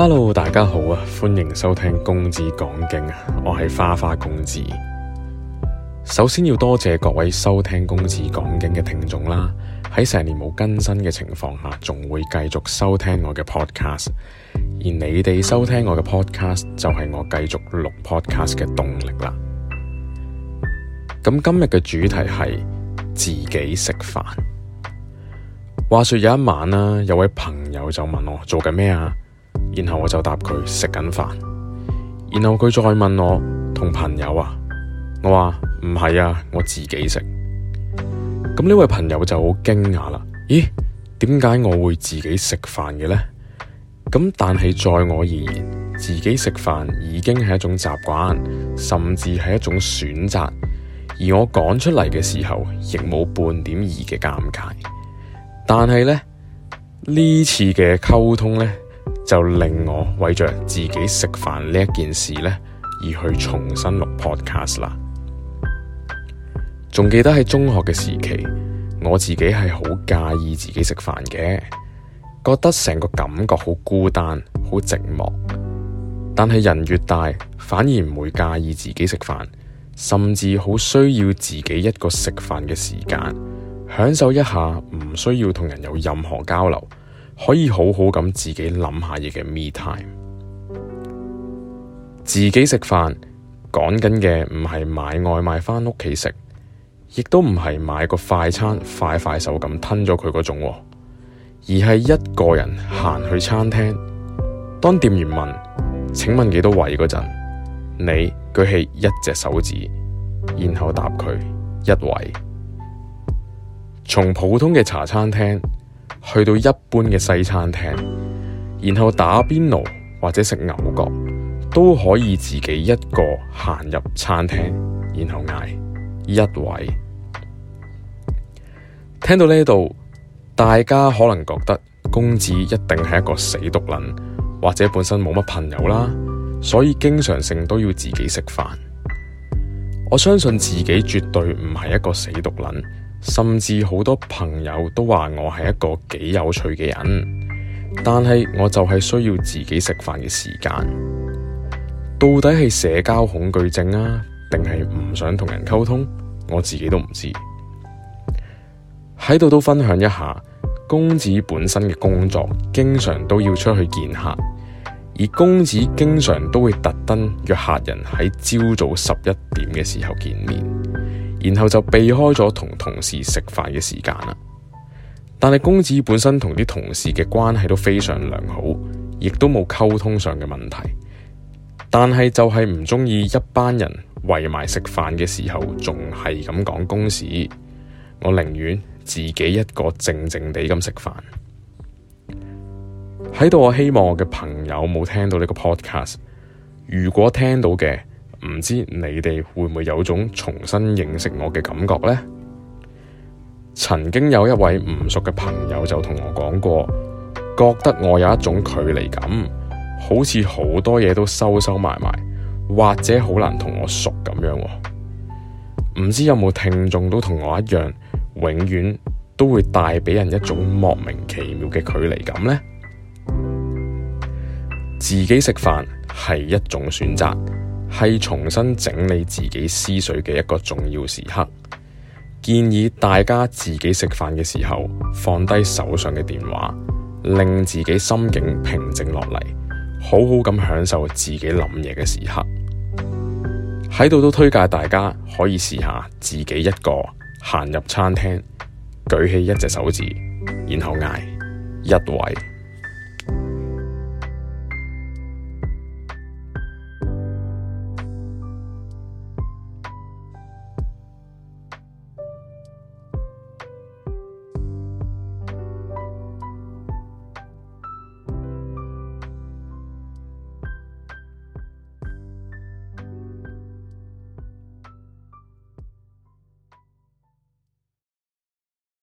Hello，大家好啊，歡迎收聽公子講經啊，我係花花公子。首先要多謝各位收聽公子講經嘅聽眾啦。喺成年冇更新嘅情況下，仲會繼續收聽我嘅 podcast，而你哋收聽我嘅 podcast 就係我繼續錄 podcast 嘅動力啦。咁今日嘅主題係自己食飯。話說有一晚啦，有位朋友就問我做緊咩啊？然後我就答佢食緊飯，然後佢再問我同朋友啊，我話唔係啊，我自己食。咁呢位朋友就好驚訝啦，咦，點解我會自己食飯嘅咧？咁但係在我而言，自己食飯已經係一種習慣，甚至係一種選擇。而我講出嚟嘅時候，亦冇半點二嘅尷尬。但係咧，呢次嘅溝通咧。就令我為着自己食飯呢件事呢而去重新錄 podcast 啦。仲記得喺中學嘅時期，我自己係好介意自己食飯嘅，覺得成個感覺好孤單、好寂寞。但係人越大，反而唔會介意自己食飯，甚至好需要自己一個食飯嘅時間，享受一下，唔需要同人有任何交流。可以好好咁自己諗下嘢嘅 me time，自己食飯，講緊嘅唔係買外賣返屋企食，亦都唔係買個快餐快快手咁吞咗佢嗰種，而係一個人行去餐廳，當店員問，請問幾多位？嗰陣，你舉起一隻手指，然後答佢，一位，從普通嘅茶餐廳。去到一般嘅西餐廳，然後打邊爐或者食牛角，都可以自己一個行入餐廳，然後嗌一位。聽到呢度，大家可能覺得公子一定係一個死毒撚，或者本身冇乜朋友啦，所以經常性都要自己食飯。我相信自己絕對唔係一個死毒撚。甚至好多朋友都話我係一個幾有趣嘅人，但係我就係需要自己食飯嘅時間。到底係社交恐懼症啊，定係唔想同人溝通？我自己都唔知。喺度都分享一下，公子本身嘅工作經常都要出去見客，而公子經常都會特登約客人喺朝早十一點嘅時候見面。然後就避開咗同同事食飯嘅時間啦。但係公子本身同啲同事嘅關係都非常良好，亦都冇溝通上嘅問題。但係就係唔鍾意一班人圍埋食飯嘅時候，仲係咁講公事。我寧願自己一個靜靜地咁食飯。喺度我希望我嘅朋友冇聽到呢個 podcast。如果聽到嘅，唔知你哋會唔會有種重新認識我嘅感覺呢？曾經有一位唔熟嘅朋友就同我講過，覺得我有一種距離感，好似好多嘢都收收埋埋，或者好難同我熟咁樣喎。唔知有冇聽眾都同我一樣，永遠都會帶俾人一種莫名其妙嘅距離感呢？自己食飯係一種選擇。係重新整理自己思緒嘅一個重要時刻，建議大家自己食飯嘅時候放低手上嘅電話，令自己心境平靜落嚟，好好咁享受自己諗嘢嘅時刻。喺度都推介大家可以試下自己一個行入餐廳，舉起一隻手指，然後嗌一位。